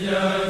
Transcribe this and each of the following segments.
ja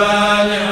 bal